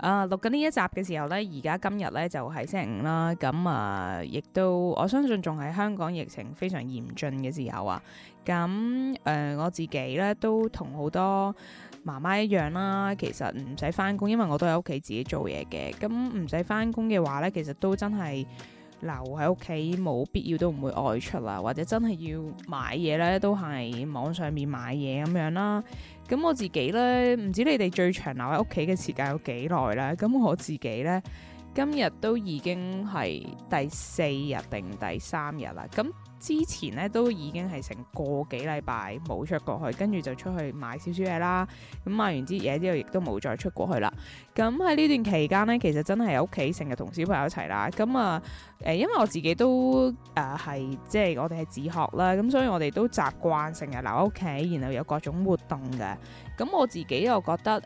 啊、呃，錄緊呢一集嘅時候呢，而家今日呢就係、是、星期五啦，咁啊，亦、呃、都我相信仲係香港疫情非常嚴峻嘅時候啊，咁誒、呃，我自己呢，都同好多媽媽一樣啦，其實唔使返工，因為我都喺屋企自己做嘢嘅，咁唔使返工嘅話呢，其實都真係，留喺屋企，冇必要都唔會外出啦，或者真係要買嘢呢，都係網上面買嘢咁樣啦。咁我自己呢，唔知你哋最長留喺屋企嘅時間有幾耐啦。咁我自己呢，今日都已經係第四日定第三日啦。咁。之前咧都已經係成個幾禮拜冇出過去，跟住就出去買少少嘢啦。咁、嗯、買完啲嘢之後，亦都冇再出過去啦。咁喺呢段期間呢，其實真係喺屋企成日同小朋友一齊啦。咁、嗯、啊，誒、呃，因為我自己都誒係、呃、即係我哋係自學啦，咁、嗯、所以我哋都習慣成日留喺屋企，然後有各種活動嘅。咁、嗯、我自己又覺得誒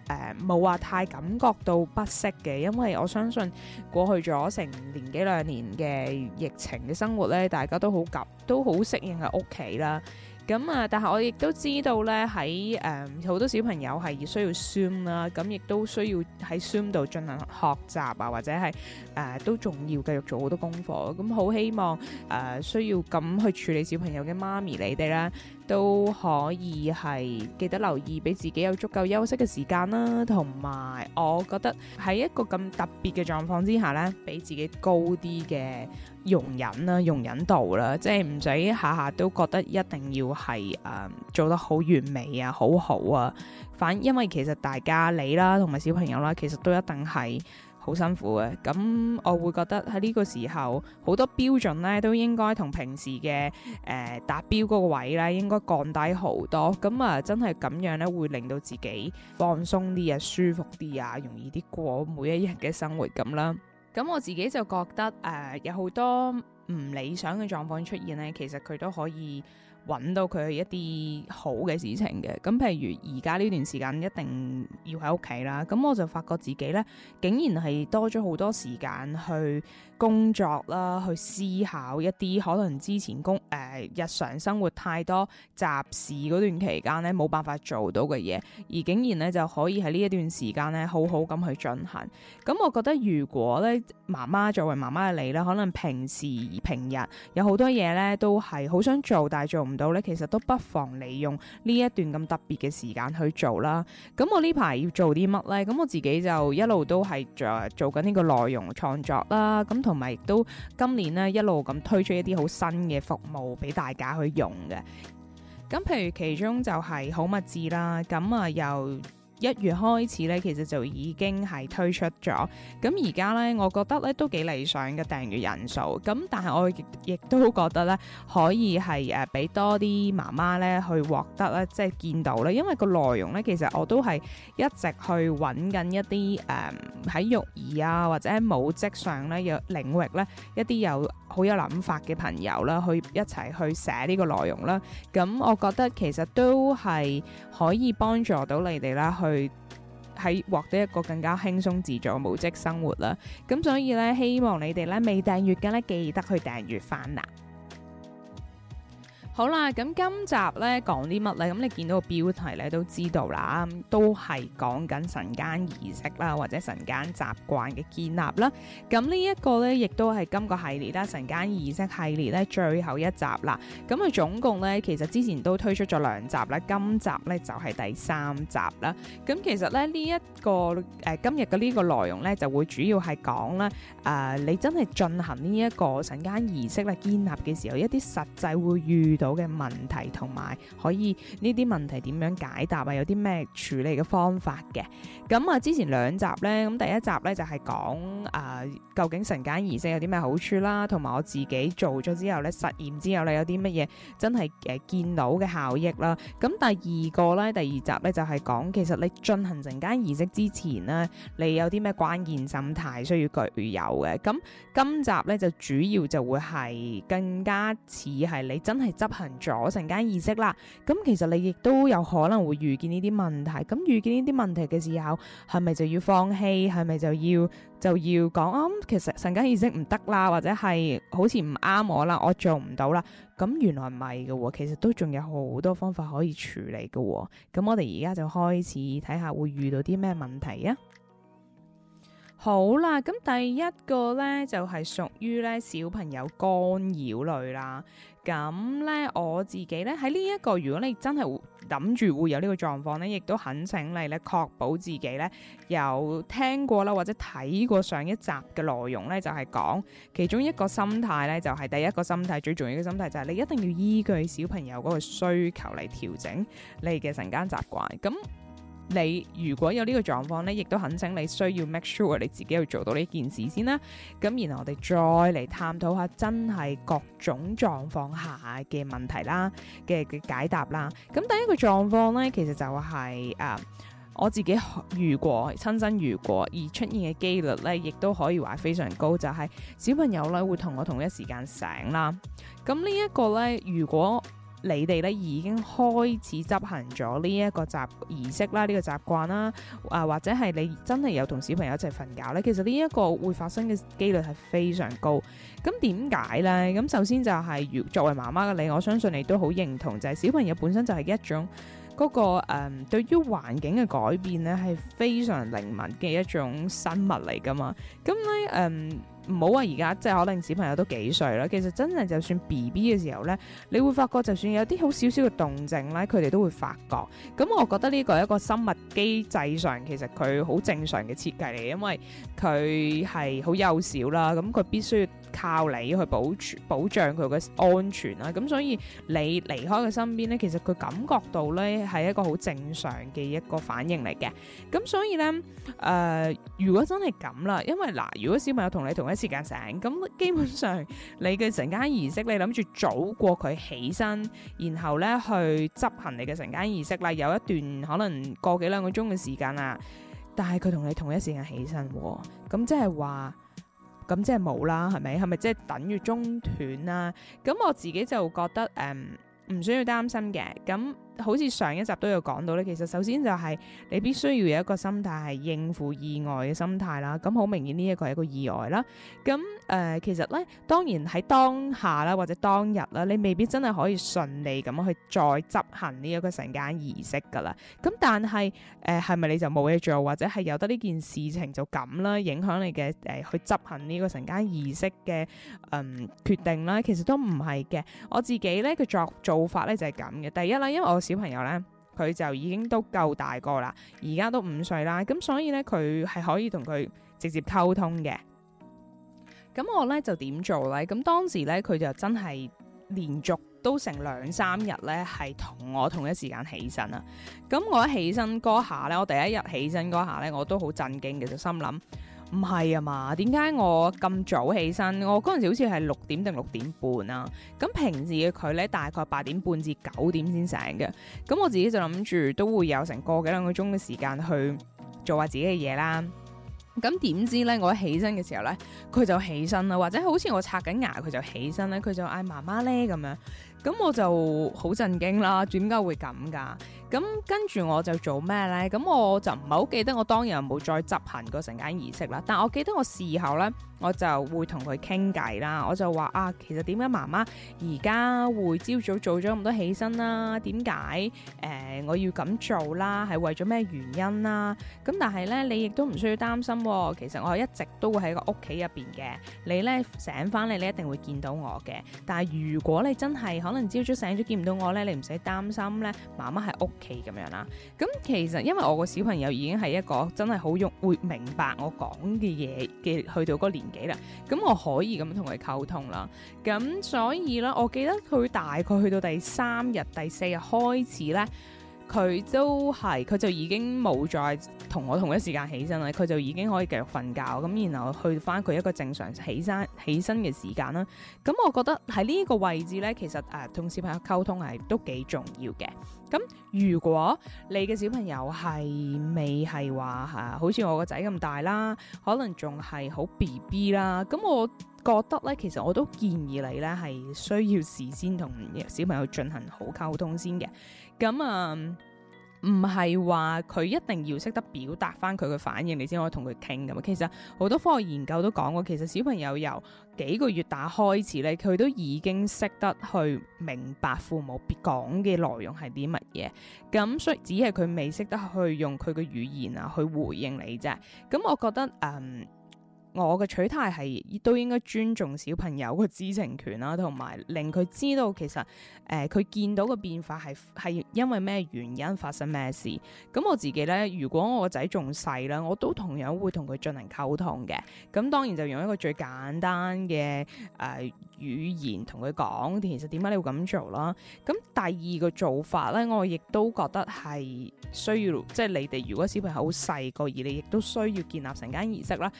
冇話太感覺到不適嘅，因為我相信過去咗成年幾兩年嘅疫情嘅生活咧，大家都好急，都好適應喺屋企啦，咁啊，但係我亦都知道咧，喺誒好多小朋友係需要 Zoom 啦、啊，咁亦都需要喺 Zoom 度進行學習啊，或者係誒、呃、都仲要繼續做好多功課，咁、啊、好、嗯、希望誒、呃、需要咁去處理小朋友嘅媽咪你哋咧，都可以係記得留意俾自己有足夠休息嘅時間啦，同埋我覺得喺一個咁特別嘅狀況之下咧，俾自己高啲嘅容忍啦，容忍度啦，即係唔使下下都覺得一定要係誒、呃、做得好完美啊，好好啊。反因為其實大家你啦，同埋小朋友啦，其實都一定係好辛苦嘅。咁我會覺得喺呢個時候好多標準咧，都應該同平時嘅誒、呃、達標嗰個位咧，應該降低好多。咁啊、呃，真係咁樣咧，會令到自己放鬆啲啊，舒服啲啊，容易啲過每一日嘅生活咁啦。咁我自己就覺得誒、呃、有好多唔理想嘅狀況出現呢，其實佢都可以揾到佢一啲好嘅事情嘅。咁譬如而家呢段時間一定要喺屋企啦，咁我就發覺自己呢竟然係多咗好多時間去。工作啦，去思考一啲可能之前工誒、呃、日常生活太多雜事嗰段期間咧，冇辦法做到嘅嘢，而竟然咧就可以喺呢一段時間咧，好好咁去進行。咁我覺得，如果咧媽媽作為媽媽嘅你咧，可能平時平日有好多嘢咧，都係好想做，但係做唔到咧，其實都不妨利用呢一段咁特別嘅時間去做啦。咁我呢排要做啲乜咧？咁我自己就一路都係做做緊呢個內容創作啦。咁同。同埋亦都今年咧一路咁推出一啲好新嘅服務俾大家去用嘅，咁譬如其中就係好物志啦，咁啊又。一月開始咧，其實就已經係推出咗。咁而家咧，我覺得咧都幾理想嘅訂閱人數，咁但係我亦都覺得咧，可以係誒俾多啲媽媽咧去獲得咧，即係見到咧，因為個內容咧其實我都係一直去揾緊一啲誒喺育兒啊或者喺母職上咧有領域咧一啲有好有諗法嘅朋友啦，去一齊去寫呢個內容啦。咁我覺得其實都係可以幫助到你哋啦。去喺獲得一個更加輕鬆自在母職生活啦，咁所以呢，希望你哋呢未訂閱嘅呢，記得去訂閱返啦。好啦，咁今集咧講啲乜咧？咁你見到個標題咧都知道啦，都係講緊晨間儀式啦，或者晨間習慣嘅建立啦。咁呢一個咧，亦都係今個系列啦，晨間儀式系列咧最後一集啦。咁啊總共咧，其實之前都推出咗兩集啦，今集咧就係、是、第三集啦。咁其實咧呢一、這個誒、呃、今日嘅呢個內容咧，就會主要係講啦，誒、呃、你真係進行呢一個晨間儀式咧建立嘅時候，一啲實際會遇到到嘅問題同埋可以呢啲問題點樣解答啊？有啲咩處理嘅方法嘅？咁啊，之前兩集咧，咁第一集咧就係講啊，究竟晨間儀式有啲咩好處啦，同埋我自己做咗之後咧，實驗之後咧有啲乜嘢真係誒見到嘅效益啦。咁第二個咧，第二集咧就係、是、講其實你進行晨間儀式之前咧，你有啲咩關鍵心態需要具有嘅。咁今集咧就主要就會係更加似係你真係執。行咗晨間儀式啦，咁其實你亦都有可能會遇見呢啲問題，咁遇見呢啲問題嘅時候，係咪就要放棄？係咪就要就要講？哦、啊，其實晨間儀式唔得啦，或者係好似唔啱我啦，我做唔到啦，咁原來唔係嘅，其實都仲有好多方法可以處理嘅。咁我哋而家就開始睇下會遇到啲咩問題啊？好啦，咁第一個咧就係屬於咧小朋友干擾類啦。咁咧，我自己咧喺呢一個，如果你真係諗住會有呢個狀況呢，亦都懇請你咧確保自己呢，有聽過啦，或者睇過上一集嘅內容呢，就係講其中一個心態呢，就係第一個心態，最重要嘅心態就係你一定要依據小朋友嗰個需求嚟調整你嘅晨間習慣咁。嗯你如果有呢個狀況咧，亦都懇請你需要 make sure 你自己去做到呢件事先啦。咁然後我哋再嚟探討下真係各種狀況下嘅問題啦嘅嘅解答啦。咁第一個狀況咧，其實就係誒，我自己遇過，親身遇過而出現嘅機率咧，亦都可以話非常高，就係小朋友咧會同我同一時間醒啦。咁呢一個咧，如果你哋咧已經開始執行咗呢一個習儀式啦，呢、這個習慣啦，啊或者係你真係有同小朋友一齊瞓覺咧，其實呢一個會發生嘅機率係非常高。咁點解呢？咁首先就係、是，如作為媽媽嘅你，我相信你都好認同，就係、是、小朋友本身就係一種嗰、那個誒、呃、對於環境嘅改變咧係非常靈敏嘅一種生物嚟㗎嘛。咁咧誒。呃唔好話而家，即係可能小朋友都幾歲啦。其實真正就算 BB 嘅時候咧，你會發覺就算有啲好少少嘅動靜咧，佢哋都會發覺。咁我覺得呢個係一個生物機制上，其實佢好正常嘅設計嚟，因為佢係好幼小啦，咁佢必須要靠你去保保障佢嘅安全啦。咁所以你離開佢身邊咧，其實佢感覺到咧係一個好正常嘅一個反應嚟嘅。咁所以咧，誒、呃，如果真係咁啦，因為嗱、呃，如果小朋友同你同一時間醒咁，基本上你嘅晨間儀式，你諗住早過佢起身，然後咧去執行你嘅晨間儀式啦。有一段可能個幾兩個鐘嘅時間啦，但係佢同你同一時間起身，咁即係話，咁即係冇啦，係咪？係咪即係等於中斷啦？咁我自己就覺得誒，唔需要擔心嘅。咁。好似上一集都有講到咧，其實首先就係你必須要有一個心態係應付意外嘅心態啦。咁好明顯呢一個係一個意外啦。咁誒、呃，其實咧當然喺當下啦或者當日啦，你未必真係可以順利咁去再執行呢一個晨間儀式噶啦。咁但係誒，係咪你就冇嘢做或者係由得呢件事情就咁啦影響你嘅誒、呃、去執行呢個晨間儀式嘅嗯、呃、決定咧？其實都唔係嘅。我自己咧嘅作做法咧就係咁嘅。第一啦，因為我小朋友咧，佢就已經都夠大個啦，而家都五歲啦，咁所以咧佢係可以同佢直接溝通嘅。咁我咧就點做咧？咁當時咧佢就真係連續都成兩三日咧係同我同一時間起身啦。咁我一起身嗰下咧，我第一日起身嗰下咧，我都好震驚嘅，就心諗。唔係啊嘛，點解我咁早起身？我嗰陣時好似係六點定六點半啊。咁平時嘅佢咧，大概八點半至九點先醒嘅。咁我自己就諗住都會有成個幾兩個鐘嘅時間去做下自己嘅嘢啦。咁點知咧，我一起身嘅時候咧，佢就起身啦，或者好似我刷緊牙，佢就起身咧，佢就嗌媽媽咧咁樣。咁我就好震驚啦，點解會咁㗎？咁跟住我就做咩呢？咁我就唔係好記得我當日有冇再執行過成間儀式啦。但我記得我事後呢，我就會同佢傾偈啦。我就話啊，其實點解媽媽而家會朝早做咗咁多起身啦、啊？點解誒，我要咁做啦、啊？係為咗咩原因啦、啊？咁但係呢，你亦都唔需要擔心、啊。其實我一直都會喺個屋企入邊嘅。你呢，醒翻嚟，你一定會見到我嘅。但係如果你真係可能朝早醒咗見唔到我呢，你唔使擔心呢，媽媽喺屋。咁樣啦，咁其實因為我個小朋友已經係一個真係好用會明白我講嘅嘢嘅，去到嗰個年紀啦，咁我可以咁同佢溝通啦，咁所以咧，我記得佢大概去到第三日、第四日開始咧。佢都係佢就已經冇再同我同一時間起身啦，佢就已經可以繼續瞓覺咁，然後去返佢一個正常起身起身嘅時間啦。咁我覺得喺呢個位置呢，其實誒同、呃、小朋友溝通係都幾重要嘅。咁如果你嘅小朋友係未係話吓，好似我個仔咁大啦，可能仲係好 B B 啦，咁我覺得呢，其實我都建議你呢，係需要事先同小朋友進行好溝通先嘅。咁啊，唔係話佢一定要識得表達翻佢嘅反應，你先可以同佢傾，咁嘛。其實好多科學研究都講過，其實小朋友由幾個月打開始咧，佢都已經識得去明白父母講嘅內容係啲乜嘢。咁、嗯、所以只係佢未識得去用佢嘅語言啊去回應你啫。咁、嗯、我覺得誒。嗯我嘅取態係都應該尊重小朋友嘅知情權啦，同埋令佢知道其實誒佢、呃、見到嘅變化係係因為咩原因發生咩事。咁我自己咧，如果我個仔仲細啦，我都同樣會同佢進行溝通嘅。咁當然就用一個最簡單嘅誒、呃、語言同佢講，其實點解你要咁做啦？咁第二個做法咧，我亦都覺得係需要，即、就、係、是、你哋如果小朋友好細個，而你亦都需要建立晨間儀式啦，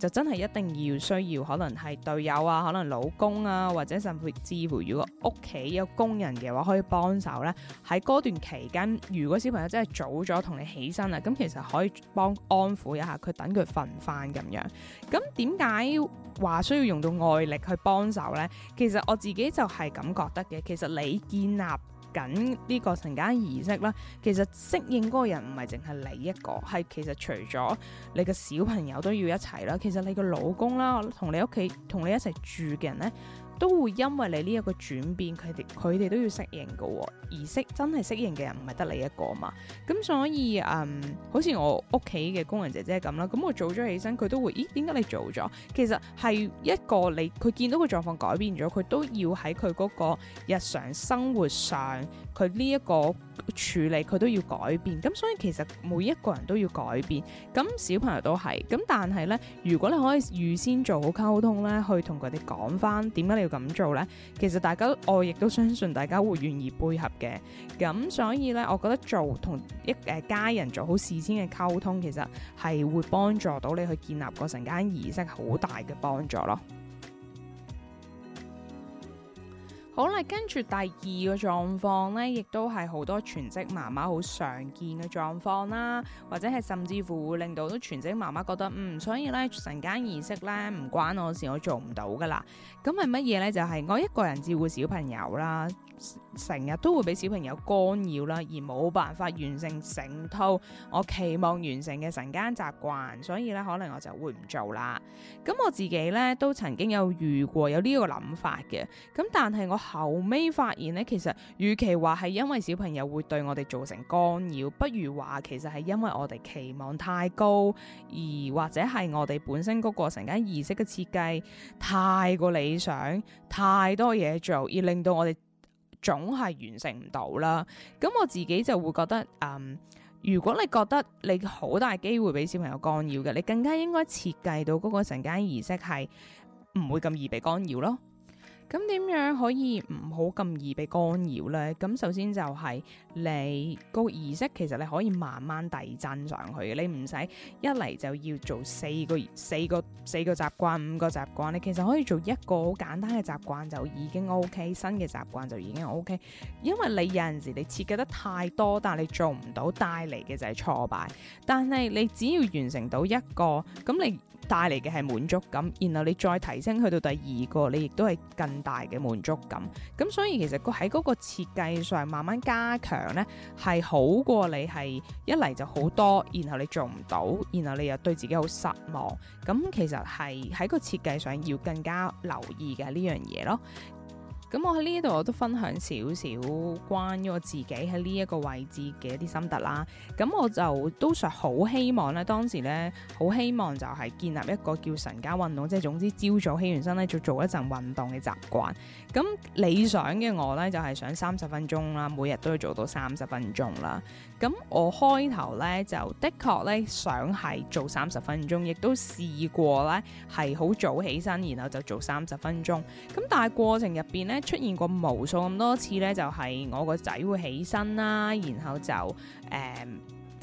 就真。真係一定要需要，可能係隊友啊，可能老公啊，或者甚至乎如果屋企有工人嘅話，可以幫手呢，喺嗰段期間，如果小朋友真係早咗同你起身啊，咁其實可以幫安撫一下佢，等佢瞓翻咁樣。咁點解話需要用到外力去幫手呢？其實我自己就係咁覺得嘅。其實你建立緊呢個晨間儀式啦，其實適應嗰個人唔係淨係你一個，係其實除咗你，個小朋友都要一齊啦，其實你個老公啦，同你屋企同你一齊住嘅人呢。都會因為你呢一個轉變，佢哋佢哋都要適應嘅喎、哦，而適真係適應嘅人唔係得你一個嘛。咁所以誒、嗯，好似我屋企嘅工人姐姐咁啦，咁我做咗起身，佢都會，咦？點解你做咗？其實係一個你佢見到個狀況改變咗，佢都要喺佢嗰個日常生活上。佢呢一個處理佢都要改變，咁所以其實每一個人都要改變，咁小朋友都係，咁但係呢，如果你可以預先做好溝通呢，去同佢哋講返點解你要咁做呢，其實大家我亦都相信大家會願意配合嘅，咁所以呢，我覺得做同一誒家人做好事先嘅溝通，其實係會幫助到你去建立個晨間儀式好大嘅幫助咯。好啦，跟住第二個狀況咧，亦都係好多全職媽媽好常見嘅狀況啦，或者係甚至乎會令到啲全職媽媽覺得，嗯，所以咧神間儀式咧唔關我事，我做唔到㗎啦。咁係乜嘢咧？就係、是、我一個人照顧小朋友啦。成日都會俾小朋友干擾啦，而冇辦法完成整套我期望完成嘅晨間習慣，所以咧可能我就會唔做啦。咁、嗯、我自己咧都曾經有遇過有呢個諗法嘅，咁但係我後尾發現咧，其實與其話係因為小朋友會對我哋造成干擾，不如話其實係因為我哋期望太高，而或者係我哋本身嗰個晨間儀式嘅設計太過理想，太多嘢做，而令到我哋。總係完成唔到啦，咁我自己就會覺得，嗯、呃，如果你覺得你好大機會俾小朋友干擾嘅，你更加應該設計到嗰個晨間儀式係唔會咁易被干擾咯。咁點樣可以唔好咁易被干擾呢？咁首先就係你個儀式，其實你可以慢慢遞增上去嘅。你唔使一嚟就要做四個、四個、四個習慣，五個習慣。你其實可以做一個好簡單嘅習慣就已經 OK，新嘅習慣就已經 OK。因為你有陣時你設計得太多，但係你做唔到，帶嚟嘅就係挫敗。但係你只要完成到一個，咁你，帶嚟嘅係滿足感，然後你再提升去到第二個，你亦都係更大嘅滿足感。咁所以其實個喺嗰個設計上慢慢加強呢，係好過你係一嚟就好多，然後你做唔到，然後你又對自己好失望。咁其實係喺個設計上要更加留意嘅呢樣嘢咯。咁我喺呢度我都分享少少關於我自己喺呢一個位置嘅一啲心得啦。咁我就都想好希望咧，當時咧好希望就係建立一個叫晨間運動，即係總之朝早起完身咧就做一陣運動嘅習慣。咁理想嘅我咧就係想三十分鐘啦，每日都要做到三十分鐘啦。咁我開頭咧就的確咧想係做三十分鐘，亦都試過咧係好早起身，然後就做三十分鐘。咁但係過程入邊咧。出現過無數咁多次咧，就係我個仔會起身啦，然後就誒，呃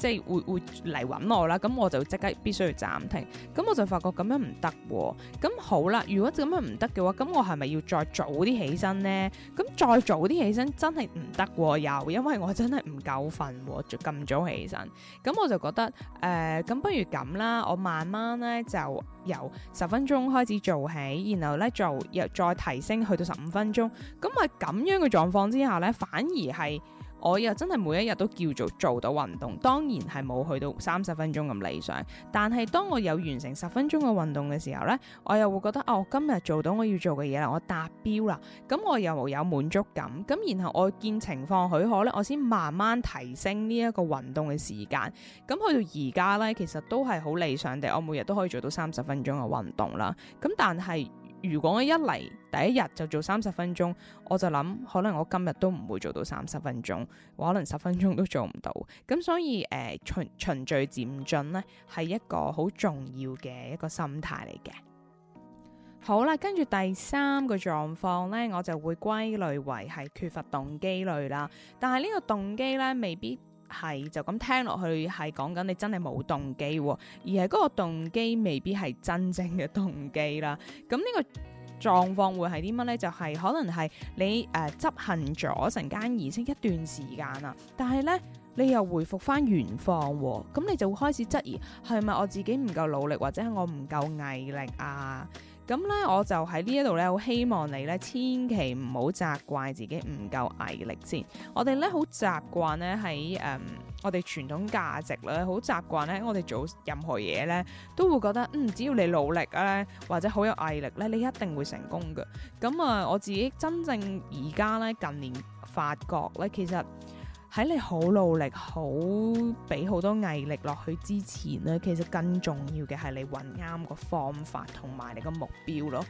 即係會會嚟揾我啦，咁我就即刻必須要暫停。咁我就發覺咁樣唔得、啊。咁好啦，如果咁樣唔得嘅話，咁我係咪要再早啲起身咧？咁再早啲起身真係唔得又，因為我真係唔夠瞓，咁早起身。咁我就覺得誒，咁、呃、不如咁啦，我慢慢咧就由十分鐘開始做起，然後咧就又再提升去到十五分鐘。咁喺咁樣嘅狀況之下咧，反而係。我又真係每一日都叫做做到運動，當然係冇去到三十分鐘咁理想。但係當我有完成十分鐘嘅運動嘅時候呢，我又會覺得哦，今日做到我要做嘅嘢啦，我達標啦，咁我又有滿足感。咁然後我見情況許可呢，我先慢慢提升呢一個運動嘅時間。咁去到而家呢，其實都係好理想嘅，我每日都可以做到三十分鐘嘅運動啦。咁但係，如果我一嚟第一日就做三十分鐘，我就諗可能我今日都唔會做到三十分鐘，我可能十分鐘都做唔到。咁所以誒、呃、循循序漸進呢，係一個好重要嘅一個心態嚟嘅。好啦，跟住第三個狀況呢，我就會歸類為係缺乏動機類啦。但係呢個動機呢，未必。係就咁聽落去係講緊你真係冇動機，啊，而係嗰個動機未必係真正嘅動機啦。咁呢個狀況會係啲乜呢？就係、是、可能係你誒執、呃、行咗晨間儀式一段時間啊，但係呢，你又回復翻原況，咁你就會開始質疑，係咪我自己唔夠努力，或者係我唔夠毅力啊？咁咧，我就喺呢一度咧，好希望你咧，千祈唔好責怪自己唔夠毅力先。我哋咧好習慣咧喺誒，我哋傳統價值咧，好習慣咧，我哋做任何嘢咧，都會覺得嗯，只要你努力啊，或者好有毅力咧，你一定會成功嘅。咁啊，我自己真正而家咧，近年發覺咧，其實。喺你好努力、好俾好多毅力落去之前咧，其實更重要嘅係你揾啱個方法同埋你個目標咯。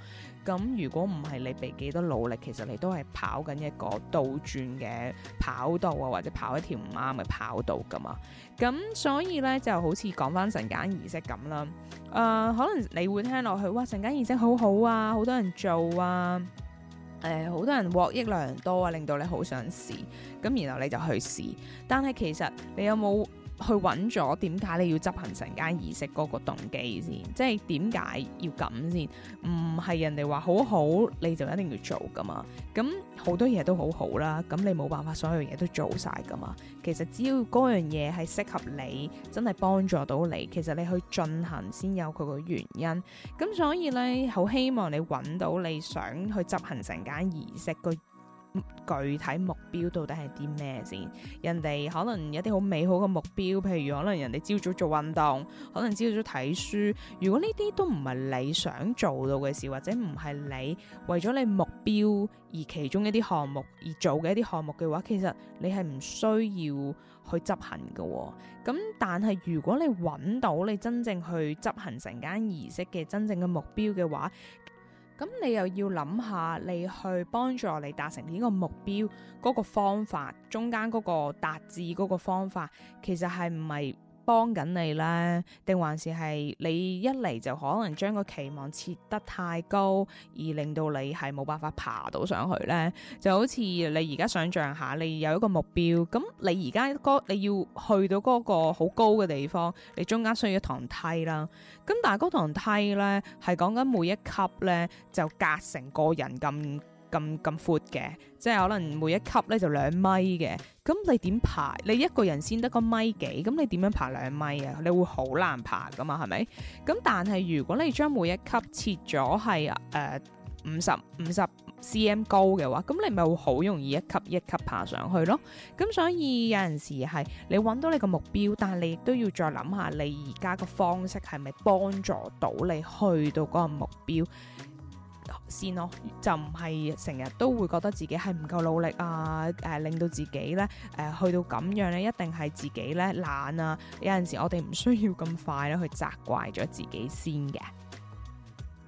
咁如果唔係你俾幾多努力，其實你都係跑緊一個倒轉嘅跑道啊，或者跑一條唔啱嘅跑道噶嘛。咁所以咧就好似講翻晨間儀式咁啦。誒、呃，可能你會聽落去哇，晨間儀式好好啊，好多人做啊。誒好多人獲益良多啊，令到你好想試，咁然後你就去試，但係其實你有冇去揾咗點解你要執行成間儀式嗰個動機先，即係點解要咁先？唔係人哋話好好你就一定要做㗎嘛？咁好多嘢都好好啦，咁你冇辦法所有嘢都做晒㗎嘛？其實只要嗰樣嘢係適合你，真係幫助到你，其實你去進行先有佢個原因。咁所以呢，好希望你揾到你想去執行晨間儀式嗰具體目標到底係啲咩先？人哋可能有啲好美好嘅目標，譬如可能人哋朝早做運動，可能朝早睇書。如果呢啲都唔係你想做到嘅事，或者唔係你為咗你目標而其中一啲項目而做嘅一啲項目嘅話，其實你係唔需要去執行嘅哦。咁但係如果你揾到你真正去執行晨間儀式嘅真正嘅目標嘅話，咁你又要諗下，你去幫助你達成呢個目標嗰個方法，中間嗰個達至嗰個方法，其實係唔係？幫緊你咧，定還是係你一嚟就可能將個期望設得太高，而令到你係冇辦法爬到上去呢？就好似你而家想象下，你有一個目標，咁你而家你要去到嗰個好高嘅地方，你中間需要一堂梯啦。咁但係嗰堂梯呢，係講緊每一級呢，就隔成個人咁。咁咁闊嘅，即係可能每一級咧就兩米嘅，咁你點爬？你一個人先得個米幾，咁你點樣爬兩米啊？你會好難爬㗎嘛，係咪？咁但係如果你將每一級切咗係誒五十五十 cm 高嘅話，咁你咪會好容易一級一級爬上去咯。咁所以有陣時係你揾到你個目標，但係你都要再諗下你而家個方式係咪幫助到你去到嗰個目標。先咯，就唔係成日都會覺得自己係唔夠努力啊！誒、呃，令到自己咧，誒、呃，去到咁樣咧，一定係自己咧懶啊！有陣時我哋唔需要咁快咧去責怪咗自己先嘅。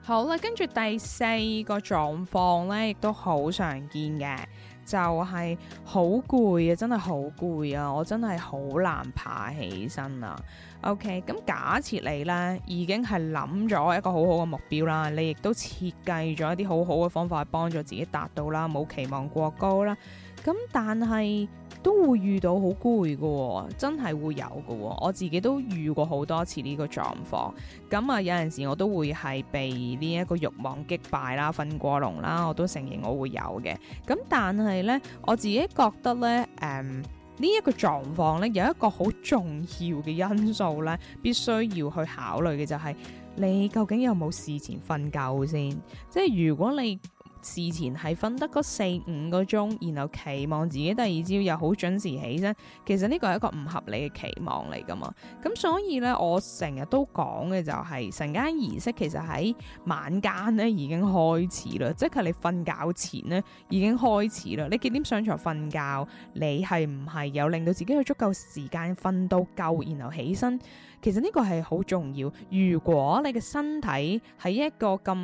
好啦，跟住第四個狀況咧，亦都好常見嘅，就係好攰啊！真係好攰啊！我真係好難爬起身啊！O.K. 咁、嗯、假設你咧已經係諗咗一個好好嘅目標啦，你亦都設計咗一啲好好嘅方法去幫助自己達到啦，冇期望過高啦。咁、嗯、但係都會遇到好攰嘅，真係會有嘅、哦。我自己都遇過好多次呢個狀況。咁、嗯、啊、嗯，有陣時我都會係被呢一個欲望擊敗啦，瞓過龍瞓過籠啦，我都承認我會有嘅。咁、嗯、但係呢，我自己覺得呢。誒、嗯。狀況呢一個狀況咧，有一個好重要嘅因素咧，必須要去考慮嘅，就係、是、你究竟有冇事前瞓覺先？即係如果你，事前係瞓得嗰四五個鐘，然後期望自己第二朝又好準時起身，其實呢個係一個唔合理嘅期望嚟噶嘛。咁所以呢，我成日都講嘅就係晨間儀式，其實喺晚間呢已經開始啦，即係你瞓覺前呢已經開始啦。你幾點上床瞓覺，你係唔係有令到自己有足夠時間瞓到夠，然後起身？其實呢個係好重要。如果你嘅身體喺一個咁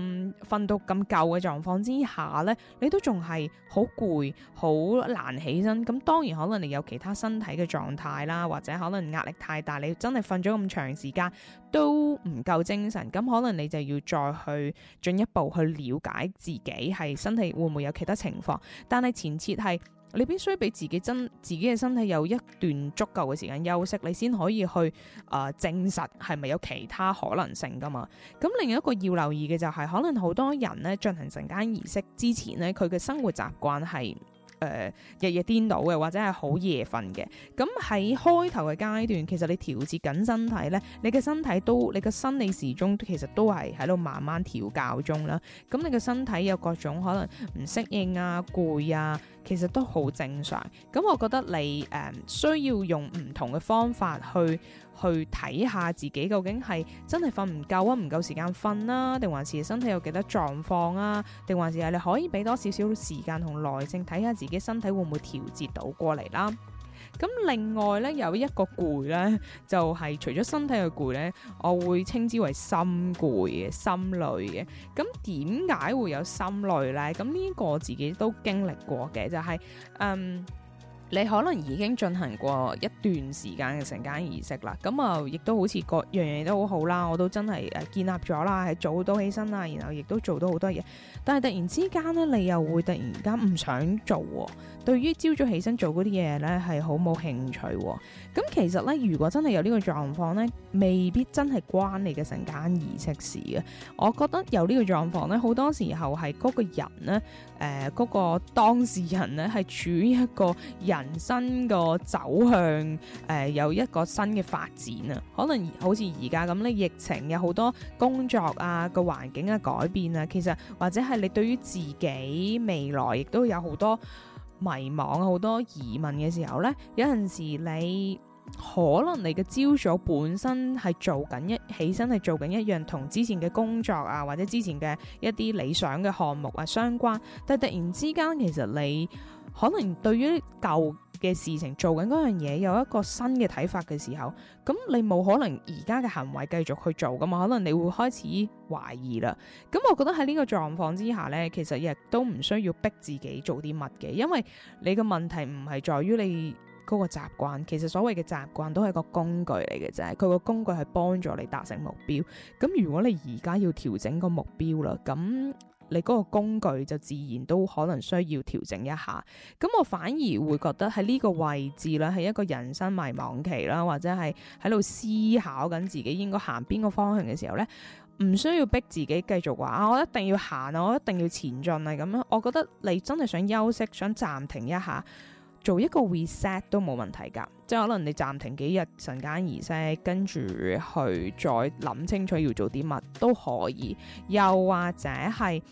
瞓到咁夠嘅狀況之下呢，你都仲係好攰、好難起身。咁當然可能你有其他身體嘅狀態啦，或者可能壓力太大，你真係瞓咗咁長時間都唔夠精神。咁可能你就要再去進一步去了解自己係身體會唔會有其他情況。但係前設係。你必須俾自己身自己嘅身體有一段足夠嘅時間休息，你先可以去啊、呃、證實係咪有其他可能性噶嘛？咁另外一個要留意嘅就係、是，可能好多人咧進行晨間儀式之前咧，佢嘅生活習慣係誒日日顛倒嘅，或者係好夜瞓嘅。咁喺開頭嘅階段，其實你調節緊身體咧，你嘅身體都你嘅生理時鐘其實都係喺度慢慢調校中啦。咁你嘅身體有各種可能唔適應啊、攰啊。其實都好正常，咁我覺得你誒、呃、需要用唔同嘅方法去去睇下自己究竟係真係瞓唔夠啊，唔夠時間瞓啦、啊，定還是身體有幾多狀況啊，定還是係你可以俾多少少時間同耐性睇下自己身體會唔會調節到過嚟啦。咁另外咧，有一個攰咧，就係、是、除咗身體嘅攰咧，我會稱之為心攰嘅心累嘅。咁點解會有心累咧？咁呢個自己都經歷過嘅，就係、是、嗯。你可能已經進行過一段時間嘅晨間儀式啦，咁啊，亦都好似各樣嘢都好好啦，我都真係誒建立咗啦，係早到起身啦，然後亦都做到好多嘢，但係突然之間咧，你又會突然間唔想做喎。對於朝早起身做嗰啲嘢咧，係好冇興趣喎。咁其實咧，如果真係有呢個狀況咧，未必真係關你嘅晨間儀式事嘅。我覺得有呢個狀況咧，好多時候係嗰個人咧。誒嗰、呃嗰個當事人咧，係處於一個人生個走向，誒、呃、有一個新嘅發展啊！可能好似而家咁咧，疫情有好多工作啊，個環境嘅改變啊，其實或者係你對於自己未來亦都有好多迷茫、好多疑問嘅時候咧，有陣時你。可能你嘅朝早本身係做緊一起身係做緊一樣，同之前嘅工作啊，或者之前嘅一啲理想嘅項目啊相關，但係突然之間其實你可能對於舊嘅事情做緊嗰樣嘢有一個新嘅睇法嘅時候，咁你冇可能而家嘅行為繼續去做噶嘛？可能你會開始懷疑啦。咁我覺得喺呢個狀況之下呢，其實亦都唔需要逼自己做啲乜嘅，因為你嘅問題唔係在於你。嗰個習慣其實所謂嘅習慣都係個工具嚟嘅啫，佢個工具係幫助你達成目標。咁如果你而家要調整個目標啦，咁你嗰個工具就自然都可能需要調整一下。咁我反而會覺得喺呢個位置啦，係一個人生迷茫期啦，或者係喺度思考緊自己應該行邊個方向嘅時候呢，唔需要逼自己繼續話啊！我一定要行啊！我一定要前進啊！咁樣，我覺得你真係想休息，想暫停一下，做一個 reset 都冇問題㗎，即係可能你暫停幾日，晨間儀式，跟住去再諗清楚要做啲乜都可以，又或者係，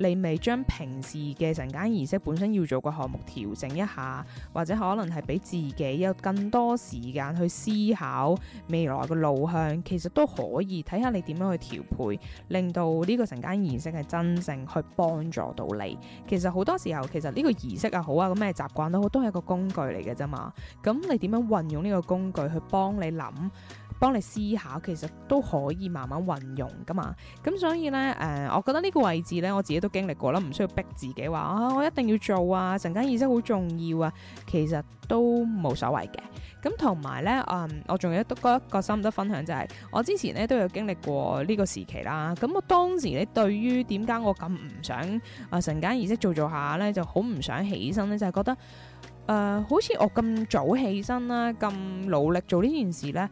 你未將平時嘅晨間儀式本身要做嘅項目調整一下，或者可能係俾自己有更多時間去思考未來嘅路向，其實都可以睇下你點樣去調配，令到呢個晨間儀式係真正去幫助到你。其實好多時候，其實呢個儀式啊好啊，咁咩習慣都好，都係一個工具嚟嘅啫嘛。咁你點樣運用呢個工具去幫你諗？幫你思考，其實都可以慢慢運用噶嘛。咁所以呢，誒、呃，我覺得呢個位置呢，我自己都經歷過啦，唔需要逼自己話啊，我一定要做啊，晨間儀式好重要啊。其實都冇所謂嘅。咁同埋呢，誒、呃，我仲有一個心得分享、就是，就係我之前咧都有經歷過呢個時期啦。咁我當時咧，對於點解我咁唔想啊晨、呃、間儀式做做下呢，就好唔想起身呢，就係、是、覺得誒、呃、好似我咁早起身啦，咁努力做呢件事呢。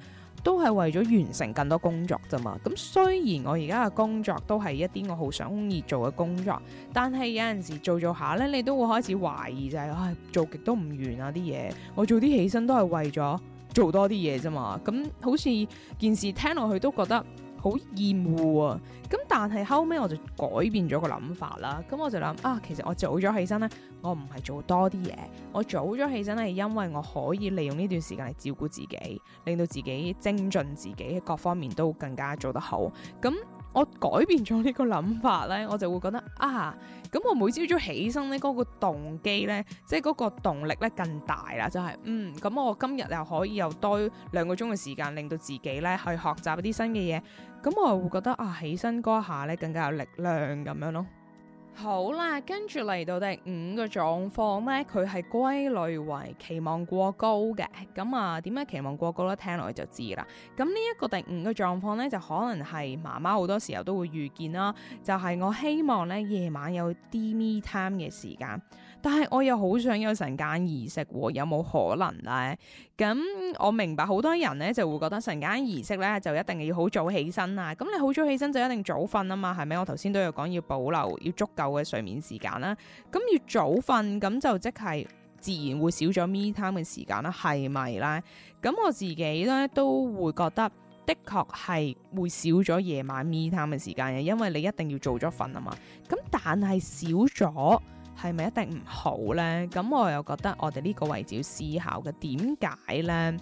都係為咗完成更多工作啫嘛。咁雖然我而家嘅工作都係一啲我好想而做嘅工作，但係有陣時做做下咧，你都會開始懷疑就係、是、唉、哎，做極都唔完啊啲嘢。我早啲起身都係為咗做多啲嘢啫嘛。咁好似件事聽落去都覺得好厭惡喎，咁、啊、但係後尾我就改變咗個諗法啦，咁我就諗啊，其實我早咗起身呢，我唔係做多啲嘢，我早咗起身呢，係因為我可以利用呢段時間嚟照顧自己，令到自己精進自己各方面都更加做得好，咁。我改變咗呢個諗法咧，我就會覺得啊，咁我每朝早起身咧，嗰個動機咧，即係嗰個動力咧，更大啦，就係嗯，咁我今日又可以又多兩個鐘嘅時間，令到自己咧去學習一啲新嘅嘢，咁我又會覺得啊，起身嗰下咧更加有力量咁樣咯。好啦，跟住嚟到第五個狀況呢，佢係歸類為期望過高嘅。咁啊，點解期望過高呢？聽落去就知啦。咁呢一個第五個狀況呢，就可能係媽媽好多時候都會遇見啦，就係、是、我希望呢夜晚有 d me time 嘅時間。但係我又好想有晨間儀式喎，有冇可能呢？咁我明白好多人呢就會覺得晨間儀式呢就一定要好早起身啦。咁你好早起身就一定早瞓啊嘛，係咪？我頭先都有講要保留要足夠嘅睡眠時間啦。咁要早瞓，咁就即係自然會少咗 me time 嘅時間啦，係咪啦？咁我自己呢都會覺得的確係會少咗夜晚 me time 嘅時間嘅，因為你一定要早咗瞓啊嘛。咁但係少咗。係咪一定唔好呢？咁我又覺得我哋呢個位置要思考嘅點解呢？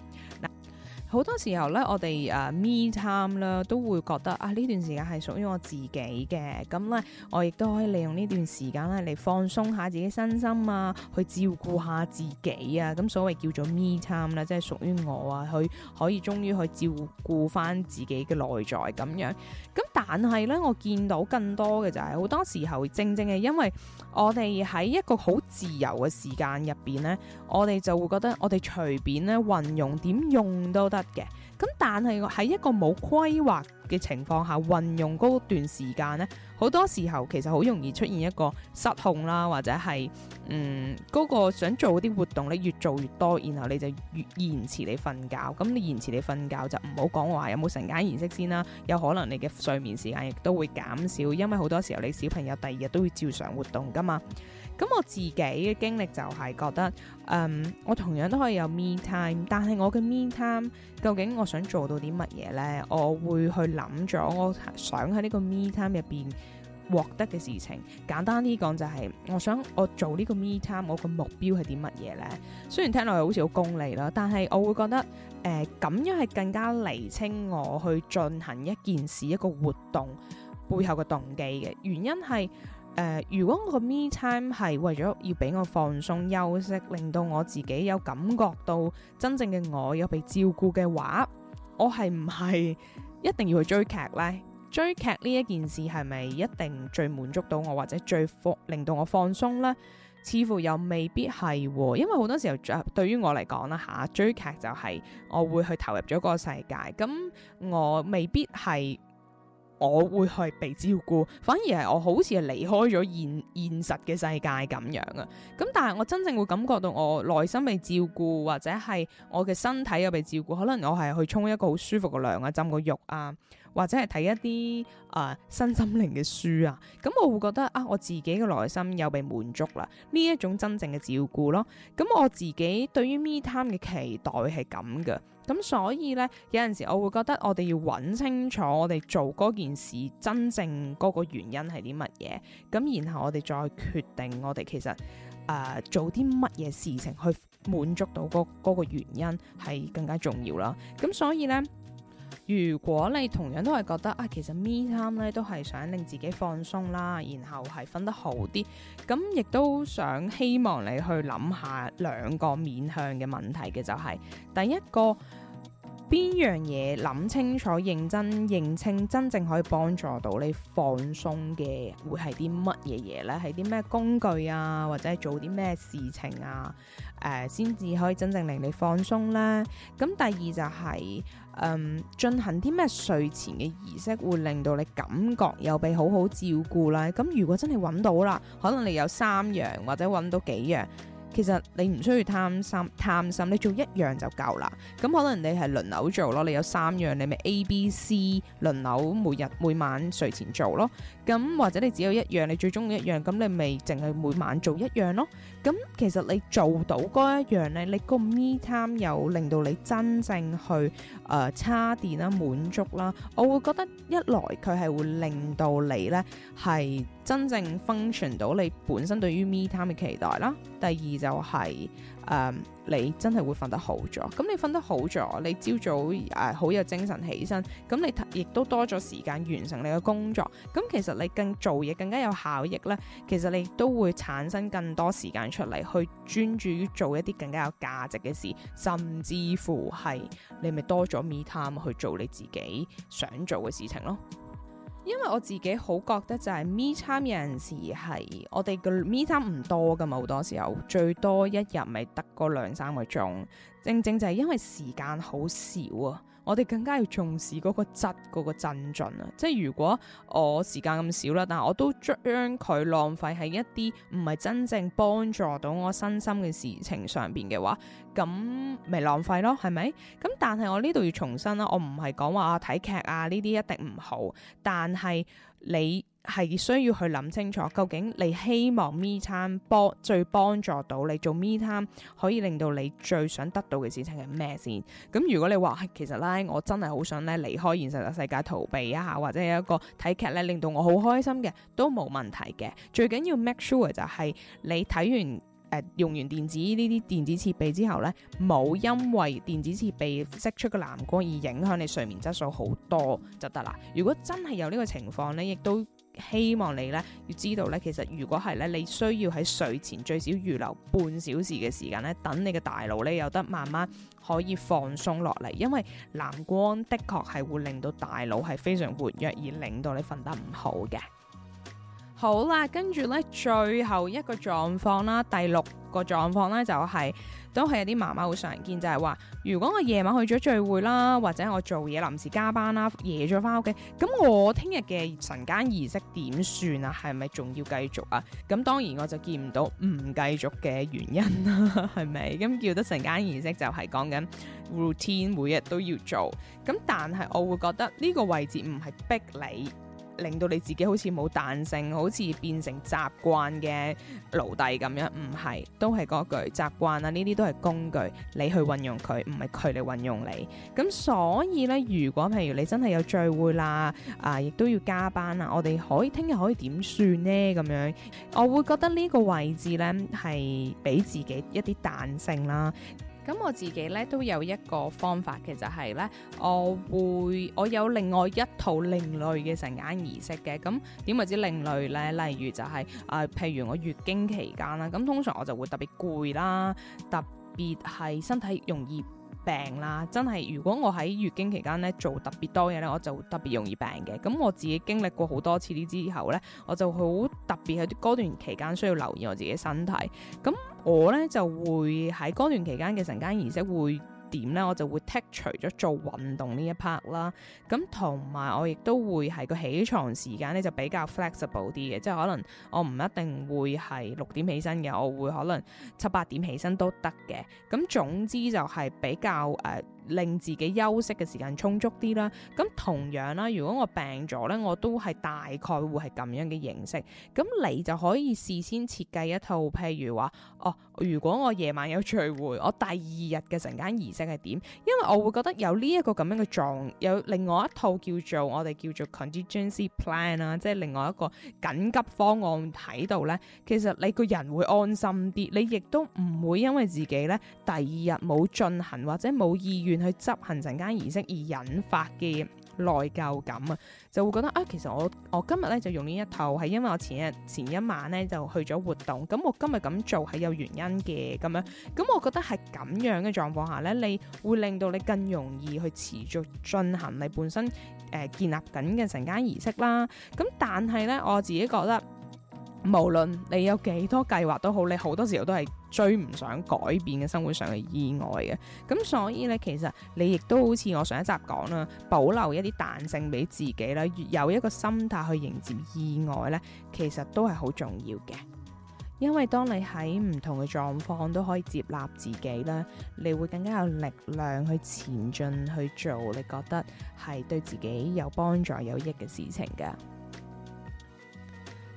好多時候咧，我哋誒、uh, me time 啦，都會覺得啊，呢段時間係屬於我自己嘅。咁咧，我亦都可以利用呢段時間咧嚟放鬆下自己身心啊，去照顧下自己啊。咁所謂叫做 me time 啦即係屬於我啊，去可以終於去照顧翻自己嘅內在咁樣。咁但係咧，我見到更多嘅就係、是、好多時候，正正係因為我哋喺一個好自由嘅時間入邊咧，我哋就會覺得我哋隨便咧運用點用都得。嘅，咁但係喺一個冇規劃嘅情況下運用嗰段時間咧，好多時候其實好容易出現一個失控啦，或者係嗯、嗰個想做啲活動咧越做越多，然後你就越延遲你瞓覺，咁、嗯、你延遲你瞓覺就唔好講話有冇晨間儀式先啦，有可能你嘅睡眠時間亦都會減少，因為好多時候你小朋友第二日都會照常活動噶嘛。咁、嗯、我自己嘅經歷就係覺得，嗯，我同樣都可以有 me time，但係我嘅 me time 究竟我想做到啲乜嘢咧，我會去。諗咗，我想喺呢個 me time 入邊獲得嘅事情，簡單啲講就係、是，我想我做呢個 me time，我個目標係啲乜嘢呢？雖然聽落去好似好功利啦，但係我會覺得，誒、呃，咁樣係更加厘清我去進行一件事、一個活動背後嘅動機嘅原因係，誒、呃，如果我個 me time 係為咗要俾我放鬆休息，令到我自己有感覺到真正嘅我有被照顧嘅話，我係唔係？一定要去追劇呢？追劇呢一件事係咪一定最滿足到我，或者最令到我放鬆呢？似乎又未必係喎，因為好多時候，對於我嚟講啦吓，追劇就係我會去投入咗個世界，咁我未必係。我會去被照顧，反而係我好似係離開咗現現實嘅世界咁樣啊！咁但係我真正會感覺到我內心被照顧，或者係我嘅身體又被照顧，可能我係去沖一個好舒服嘅涼啊，浸個浴啊。或者係睇一啲啊身心靈嘅書啊，咁我會覺得啊，我自己嘅內心有被滿足啦，呢一種真正嘅照顧咯。咁我自己對於 me time 嘅期待係咁嘅。咁所以呢，有陣時我會覺得我哋要揾清楚我哋做嗰件事真正嗰個原因係啲乜嘢，咁然後我哋再決定我哋其實啊、呃、做啲乜嘢事情去滿足到嗰、嗰、嗰、個嗰個原因係更加重要啦。咁所以呢。如果你同樣都係覺得啊，其實 me time 咧都係想令自己放鬆啦，然後係瞓得好啲，咁亦都想希望你去諗下兩個面向嘅問題嘅，就係，就係第一個。邊樣嘢諗清楚、認真、認清，真正可以幫助到你放鬆嘅，會係啲乜嘢嘢咧？係啲咩工具啊，或者係做啲咩事情啊？誒、呃，先至可以真正令你放鬆咧。咁第二就係、是，嗯，進行啲咩睡前嘅儀式，會令到你感覺又被好好照顧啦。咁如果真係揾到啦，可能你有三樣，或者揾到幾樣。其實你唔需要貪心，貪心，你做一樣就夠啦。咁可能你係輪流做咯，你有三樣你咪 A、B、C 輪流每日每晚睡前做咯。咁或者你只有一樣，你最鍾意一樣，咁你咪淨係每晚做一樣咯。咁其實你做到嗰一樣咧，你個 me time 有令到你真正去誒差電啦、滿足啦，我會覺得一來佢係會令到你咧係真正 function 到你本身對於 me time 嘅期待啦，第二就係。誒，um，你真係會瞓得好咗，咁你瞓得好咗，你朝早誒好有精神起身，咁你亦都多咗時間完成你嘅工作，咁其實你更做嘢更加有效益咧，其實你都會產生更多時間出嚟去專注於做一啲更加有價值嘅事，甚至乎係你咪多咗 me time 去做你自己想做嘅事情咯。因為我自己好覺得就係 me time 有陣時係我哋嘅 me time 唔多㗎嘛，好多時候最多一日咪得嗰兩三個鐘，正正就係因為時間好少啊。我哋更加要重視嗰個質嗰個振進進啊！即係如果我時間咁少啦，但係我都將佢浪費喺一啲唔係真正幫助到我身心嘅事情上邊嘅話，咁咪浪費咯，係咪？咁但係我呢度要重申啦，我唔係講話睇劇啊呢啲一定唔好，但係，你係需要去諗清楚，究竟你希望 me time 幫最幫助到你做 me time，可以令到你最想得到嘅事情係咩先？咁如果你話其實咧，我真係好想咧離開現實嘅世界逃避一下，或者係一個睇劇咧令到我好開心嘅，都冇問題嘅。最緊要 make sure 就係你睇完。用完電子呢啲電子設備之後呢，冇因為電子設備釋出嘅藍光而影響你睡眠質素好多就得啦。如果真係有呢個情況呢，亦都希望你呢要知道呢，其實如果係呢，你需要喺睡前最少預留半小時嘅時間呢，等你嘅大腦呢有得慢慢可以放鬆落嚟，因為藍光的確係會令到大腦係非常活躍，而令到你瞓得唔好嘅。好啦，跟住咧，最後一個狀況啦，第六個狀況咧就係，都係有啲媽媽好常見，就係話，如果我夜晚去咗聚會啦，或者我做嘢臨時加班啦，夜咗翻屋企，咁我聽日嘅晨間儀式點算啊？係咪仲要繼續啊？咁當然我就見唔到唔繼續嘅原因啦，係 咪？咁叫得晨間儀式就係講緊 routine，每日都要做。咁但係我會覺得呢個位置唔係逼你。令到你自己好似冇彈性，好似變成習慣嘅奴隸咁樣，唔係，都係嗰句習慣啊！呢啲都係工具，你去運用佢，唔係佢嚟運用你。咁所以呢，如果譬如你真係有聚會啦，啊、呃，亦都要加班啊，我哋可以聽日可以點算呢？咁樣，我會覺得呢個位置呢，係俾自己一啲彈性啦。咁我自己咧都有一個方法嘅，就係咧，我會我有另外一套另類嘅晨間儀式嘅。咁點為之另類咧？例如就係、是、啊、呃，譬如我月經期間啦，咁通常我就會特別攰啦，特別係身體容易病啦。真係，如果我喺月經期間咧做特別多嘢咧，我就特別容易病嘅。咁我自己經歷過好多次呢之後咧，我就好特別喺嗰段期間需要留意我自己身體。咁我咧就會喺嗰段期間嘅晨間儀式會點咧？我就會剔除咗做運動呢一 part 啦。咁同埋我亦都會係個起床時間咧就比較 flexible 啲嘅，即係可能我唔一定會係六點起身嘅，我會可能七八點起身都得嘅。咁總之就係比較誒。呃令自己休息嘅時間充足啲啦，咁同樣啦，如果我病咗咧，我都係大概會係咁樣嘅形式。咁你就可以事先設計一套，譬如話哦，如果我夜晚有聚會，我第二日嘅晨間儀式係點？因為我會覺得有呢一個咁樣嘅狀，有另外一套叫做我哋叫做 contingency plan 啦，啊，即係另外一個緊急方案喺度咧。其實你個人會安心啲，你亦都唔會因為自己咧第二日冇進行或者冇意願去執行晨間儀式而引發嘅內疚感啊，就會覺得啊，其實我我今日咧就用呢一套，係因為我前日前一晚咧就去咗活動，咁我今日咁做係有原因嘅咁樣，咁我覺得係咁樣嘅狀況下咧，你會令到你更容易去持續進行你本身誒、呃、建立緊嘅晨間儀式啦。咁但係咧，我自己覺得。無論你有幾多計劃都好，你好多時候都係追唔上改變嘅生活上嘅意外嘅。咁所以咧，其實你亦都好似我上一集講啦，保留一啲彈性俾自己啦，越有一個心態去迎接意外咧，其實都係好重要嘅。因為當你喺唔同嘅狀況都可以接納自己啦，你會更加有力量去前進去做，你覺得係對自己有幫助有益嘅事情噶。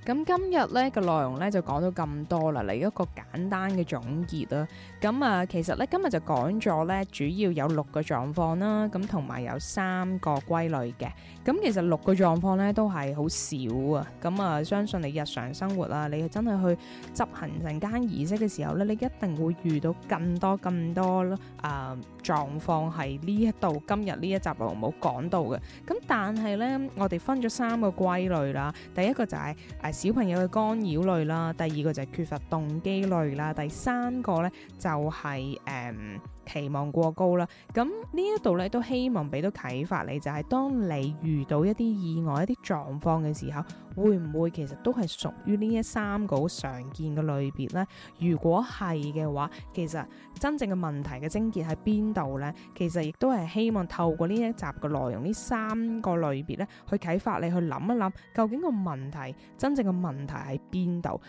咁今日咧嘅內容咧就講到咁多啦，嚟一個簡單嘅總結啦。咁啊，其實咧今日就講咗咧，主要有六個狀況啦，咁同埋有三個歸類嘅。咁其實六個狀況咧都係好少啊。咁啊，相信你日常生活啊，你真係去執行晨間儀式嘅時候咧，你一定會遇到更多更多咯啊狀況係呢一度，今日呢一集我冇講到嘅。咁但係咧，我哋分咗三個歸類啦，第一個就係小朋友嘅干擾類啦，第二個就係缺乏動機類啦，第三個咧就係、是、誒，Um 期望過高啦，咁呢一度咧都希望俾到啟發你，就係、是、當你遇到一啲意外、一啲狀況嘅時候，會唔會其實都係屬於呢一三個好常見嘅類別呢？如果係嘅話，其實真正嘅問題嘅症結喺邊度呢？其實亦都係希望透過呢一集嘅內容，呢三個類別咧，去啟發你去諗一諗，究竟個問題真正嘅問題喺邊度？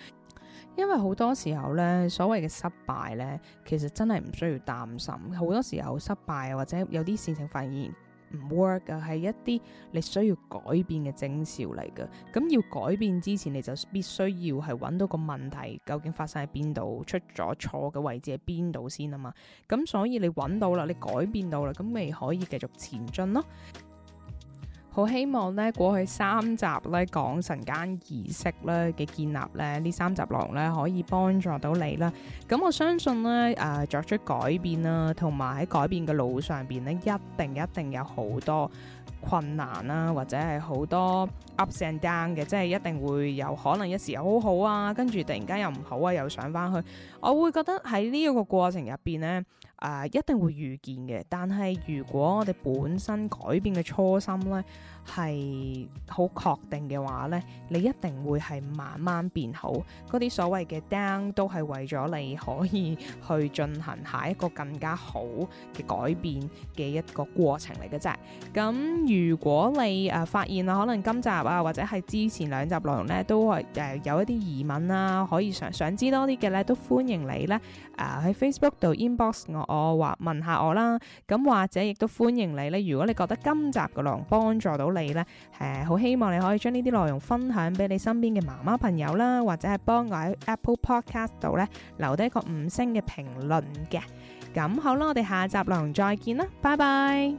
因為好多時候呢，所謂嘅失敗呢，其實真係唔需要擔心。好多時候失敗啊，或者有啲事情發現唔 work 嘅，係一啲你需要改變嘅徵兆嚟嘅。咁要改變之前，你就必須要係揾到個問題究竟發生喺邊度，出咗錯嘅位置喺邊度先啊嘛。咁所以你揾到啦，你改變到啦，咁咪可以繼續前進咯。好希望咧，過去三集咧講晨間儀式咧嘅建立咧，呢三集浪咧可以幫助到你啦。咁我相信咧，誒、呃、作出改變啦，同埋喺改變嘅路上邊咧，一定一定有好多困難啦，啊，或者係好多 ups and down 嘅，即係一定會有可能一時又好好啊，跟住突然間又唔好啊，又上翻去。我會覺得喺呢一個過程入邊咧。誒、uh, 一定會遇見嘅，但係如果我哋本身改變嘅初心咧係好確定嘅話咧，你一定會係慢慢變好。啲所謂嘅 down 都係為咗你可以去進行下一個更加好嘅改變嘅一個過程嚟嘅啫。咁如果你誒、呃、發現啊，可能今集啊或者係之前兩集內容咧都係誒、呃、有一啲疑問啊，可以想想知多啲嘅咧，都歡迎你咧誒喺、呃、Facebook 度 inbox 我。我或、哦、問下我啦，咁或者亦都歡迎你咧。如果你覺得今集嘅內容幫助到你呢，誒、呃、好希望你可以將呢啲內容分享俾你身邊嘅媽媽朋友啦，或者係幫我喺 Apple Podcast 度呢，留低個五星嘅評論嘅。咁好啦，我哋下集內容再見啦，拜拜。